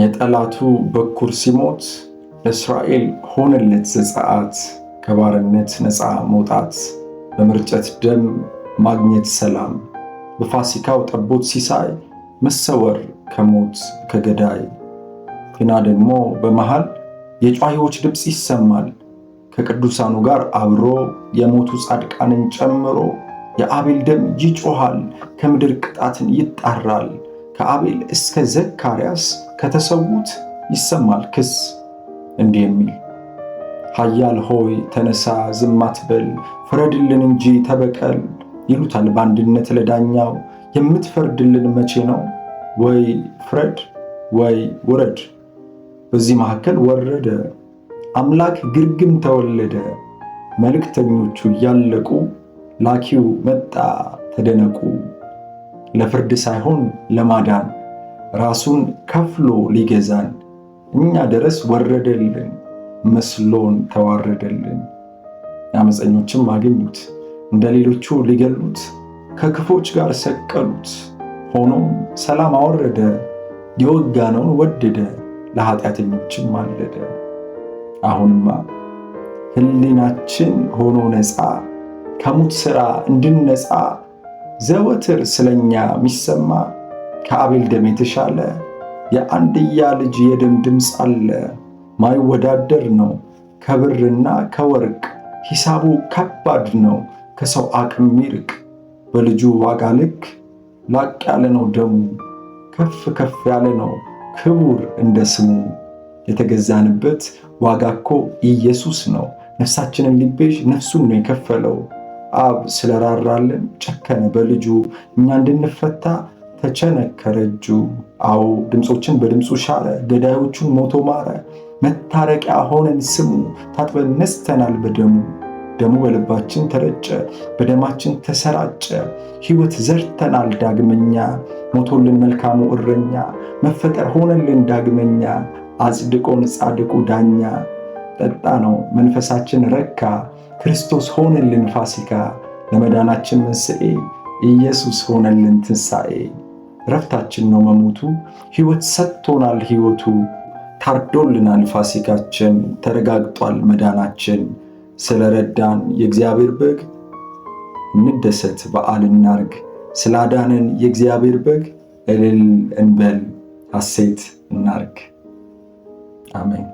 የጠላቱ በኩር ሲሞት ለእስራኤል ሆነለት ዘፀአት ከባርነት ነፃ መውጣት በምርጨት ደም ማግኘት ሰላም በፋሲካው ጠቦት ሲሳይ መሰወር ከሞት ከገዳይ ግና ደግሞ በመሃል የጯሂዎች ድምፅ ይሰማል ከቅዱሳኑ ጋር አብሮ የሞቱ ጻድቃንን ጨምሮ የአቤል ደም ይጮሃል ከምድር ቅጣትን ይጣራል። ከአቤል እስከ ዘካርያስ ከተሰዉት ይሰማል ክስ እንዲህ የሚል ኃያል ሆይ ተነሳ፣ ዝም አትበል፣ ፍረድልን እንጂ ተበቀል ይሉታል በአንድነት ለዳኛው የምትፈርድልን መቼ ነው? ወይ ፍረድ ወይ ውረድ። በዚህ መካከል ወረደ አምላክ ግርግም ተወለደ። መልእክተኞቹ እያለቁ ላኪው መጣ ተደነቁ። ለፍርድ ሳይሆን ለማዳን ራሱን ከፍሎ ሊገዛን እኛ ድረስ ወረደልን፣ መስሎን ተዋረደልን። አመፀኞችም አገኙት፣ እንደ ሌሎቹ ሊገሉት ከክፎች ጋር ሰቀሉት። ሆኖም ሰላም አወረደ፣ የወጋነውን ወደደ፣ ለኃጢአተኞችም ማለደ። አሁንማ ህሊናችን ሆኖ ነፃ ከሙት ሥራ እንድንነፃ ዘወትር ስለኛ የሚሰማ ከአቤል ደም የተሻለ የአንድያ ልጅ የደም ድምፅ አለ። ማይወዳደር ነው ከብርና ከወርቅ ሂሳቡ ከባድ ነው ከሰው አቅም ይርቅ። በልጁ ዋጋ ልክ ላቅ ያለ ነው ደሙ ከፍ ከፍ ያለ ነው ክቡር እንደ ስሙ። የተገዛንበት ዋጋ እኮ ኢየሱስ ነው። ነፍሳችንን ሊቤዥ ነፍሱን ነው የከፈለው። አብ ስለራራልን ጨከነ በልጁ እኛ እንድንፈታ ተቸነከረ እጁ። አዎ ድምፆችን በድምፁ ሻረ፣ ገዳዮቹን ሞቶ ማረ። መታረቂያ ሆነን ስሙ፣ ታጥበን ነስተናል በደሙ። ደሙ በልባችን ተረጨ፣ በደማችን ተሰራጨ። ሕይወት ዘርተናል ዳግመኛ፣ ሞቶልን መልካሙ እረኛ። መፈጠር ሆነልን ዳግመኛ፣ አጽድቆን ጻድቁ ዳኛ። ጠጣ ነው፣ መንፈሳችን ረካ፣ ክርስቶስ ሆነልን ፋሲካ፣ ለመዳናችን መንስኤ ኢየሱስ ሆነልን ትንሣኤ። ረፍታችን ነው መሞቱ፣ ሕይወት ሰጥቶናል ሕይወቱ፣ ታርዶልናል ፋሲካችን፣ ተረጋግጧል መዳናችን። ስለረዳን የእግዚአብሔር በግ እንደሰት በዓል እናርግ። ስላዳንን የእግዚአብሔር በግ እልል እንበል ሐሴት እናርግ። አሜን።